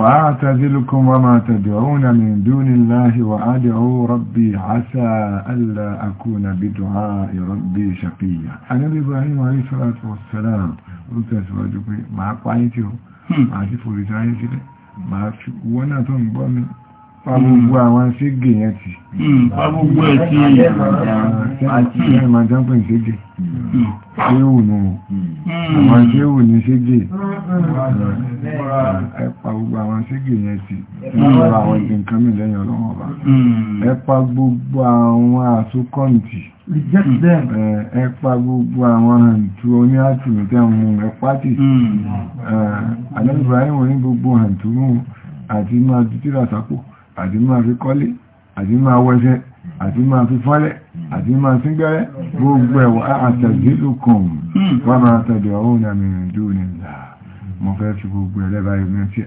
وأعتزلكم وما تدعون من دون الله وأدعو ربي عسى ألا أكون بدعاء ربي شقيا أنا إبراهيم عليه الصلاة والسلام قلت أسواجك ما قعيته ما أشفه رسائته ما وانا وأنا Fábúgbó àwọn ségè yẹn ti. Fábúgbó ẹ̀ tí àti ẹ̀mà jẹ́ pẹ̀lú ségè. Hmm. àwọn ṣéwù ní ségè hmm, hmm. ẹpa gbogbo àwọn ségè yẹn ti lọ́rọ̀ àwọn ìdí nǹkan mi lẹ́yìn ọlọ́wọ́ bá ẹpa gbogbo àwọn àsókọ́ǹtì ẹpa gbogbo àwọn àǹtú oní àtìmítẹ́ mú ẹpátì àdẹ́bìbáyé wọ́n ní gbogbo àǹtú àti máa dúdú àsápò àti máa fi fọ́lẹ̀ àti máa fi gbẹ́rẹ́ gbogbo ẹ̀wọ̀ àtàzílùkùn hmm. wà máa tàbí ọ̀rọ̀ òun àmì ìrìnjú nílá mo fẹ́ fi gbogbo ẹ̀lẹ́bà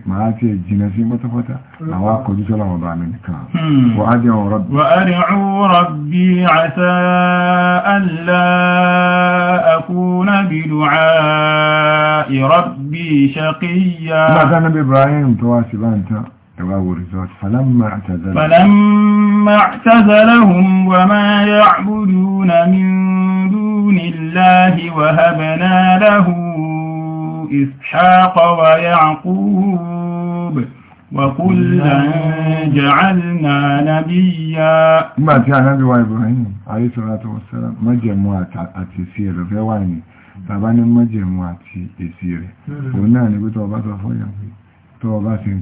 máa tí ẹ jìnà sí pátápátá àwọn akọjú sọ́lá wọn bá nìkan wà á dẹ̀wọ̀n rọ̀bì. wà á dẹ̀wọ̀n rọ̀bì رواه الرزاق فلما اعتزلهم فلما اعتزلهم وما يعبدون من دون الله وهبنا له إسحاق ويعقوب وكلا جعلنا نبيا ما كان نبي إبراهيم عليه الصلاة والسلام مجموعة أتسير رواني tàbá ní mọ́jẹ̀mú àti èsì rẹ̀ òun náà ní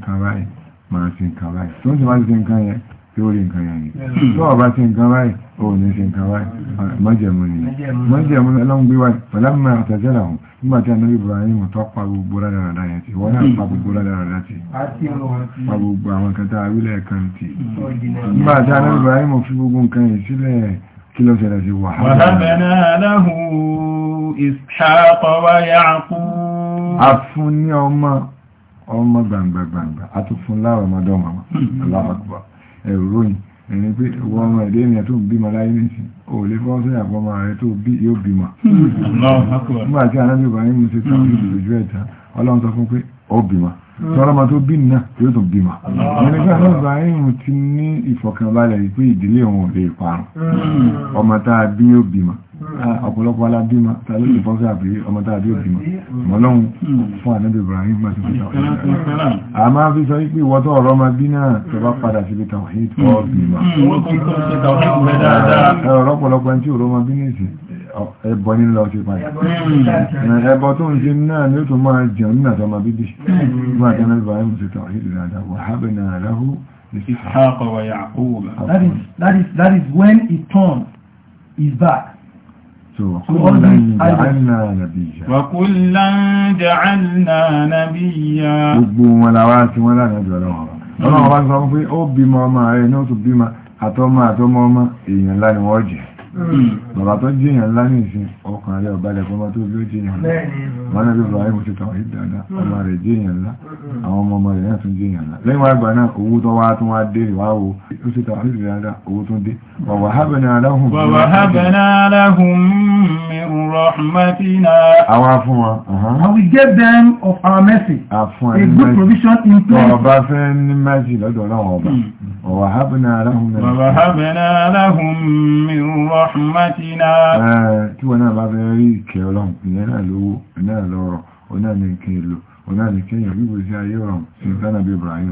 pé máa ṣe nǹkan báyìí tó ń ṣe máa ṣe nǹkan yẹn tí ó rí nǹkan yẹn ni tó ọba ṣe nǹkan báyìí ó ní ṣe nǹkan báyìí májẹ̀mú ni májẹ̀mú ni ọlọ́run gbé wáyé pẹ̀lú àmì àtàjẹ́là ọ̀hún nígbà tí anábì Ibrahim tó pa gbogbo rádaràdà yẹn ti wọ́n náà pa gbogbo rádaràdà ti pa gbogbo àwọn kan tá kan ti nígbà tí anábì Ibrahim fi gbogbo nǹkan yìí sílẹ̀ kí ló ṣẹlẹ̀ sí wàhálà. wàhálà ọmọ gbangba gbangba a tún fún láwọ̀ ọmọdé ọmọ mm-hmm. aláwọ̀kúbà ẹ̀rù ròyìn ẹni pé wọ́n ọmọ ẹ̀dẹ́ ènìyàn tó ń bímọ láyé nìsín o lè fọ́ sẹ́yà fọ́ ọmọ rẹ tó bí yóò bímọ. Mm-hmm. nígbà tí anábìbọn ní mo ṣe tán ní ìdòjú ẹ̀ta ọlọ́run sọ fún pé ó bímọ tọ́lọ́mọ tó bí náà yóò tó bímọ. ẹnìkan náà Ibrahim ti ní ìfọ̀kànbalẹ̀ wípé ìdílé òun ò lè parun hmm. ọmọ tá a bí yóò bímọ hmm. ọ̀pọ̀lọpọ̀ alábímọ tá ló lè fọ́sẹ̀ àbí ọmọ tá a bí yóò bímọ mọ́lọ́hun hmm. fún ànábì Ibrahim máa ti fi tàwọn ìlú. a máa fi sọ wípé ìwọ tó ọ̀rọ̀ máa bí náà tó bá padà síbi tàwọn ìlú tó bímọ. ọ̀rọ̀ ọ̀pọ̀lọpọ̀ ẹni tí òró ẹbọ ní lọ ṣe padà ẹbọ ṣe náà ní ó tó máa jẹun náà tó máa bíbí That is when he turned his back. Gbogbo wọn la sí wọn lánàá jọ lọ́wọ́. Ọlọ́run wá sọ pé ó bímọ ọmọ rẹ̀ ní ó bímọ àtọmọ àtọmọ ọmọ èèyàn ńlá wọ́n jẹ́. Hmm. bàbá tó jíyàn ńlá ní ìsìn ọkàn rẹ̀ ọ̀bálẹ̀ fọ́mọ́ tó ló jíyàn ńlá wọ́n hmm. náà lọ́wọ́ ayé mo ti tàwọn ìdáná ọmọ rẹ̀ jíyàn ńlá hmm. àwọn ọmọ ọmọ rẹ̀ náà tún jíyàn ńlá lẹ́yìn wàá gbà náà owó tó wá tún wá dé ìwá ó sì tàwọn ìdílé dáadáa owó tún dé wàwà hábẹ̀nà aláhùn wàwà hábẹ̀nà we give them of our mercy a good provision in place. رحمتنا tí wọ́n náà bá fẹ́ rí ìkẹ́ ọlọ́run ìyẹn náà lówó náà lọ́rọ̀ ọ̀nà ní kí èlò ọ̀nà ní kí èyàn gbígbé sí ayé ọ̀rọ̀ sí ìtànàbí Ibrahim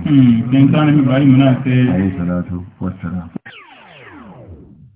hmm,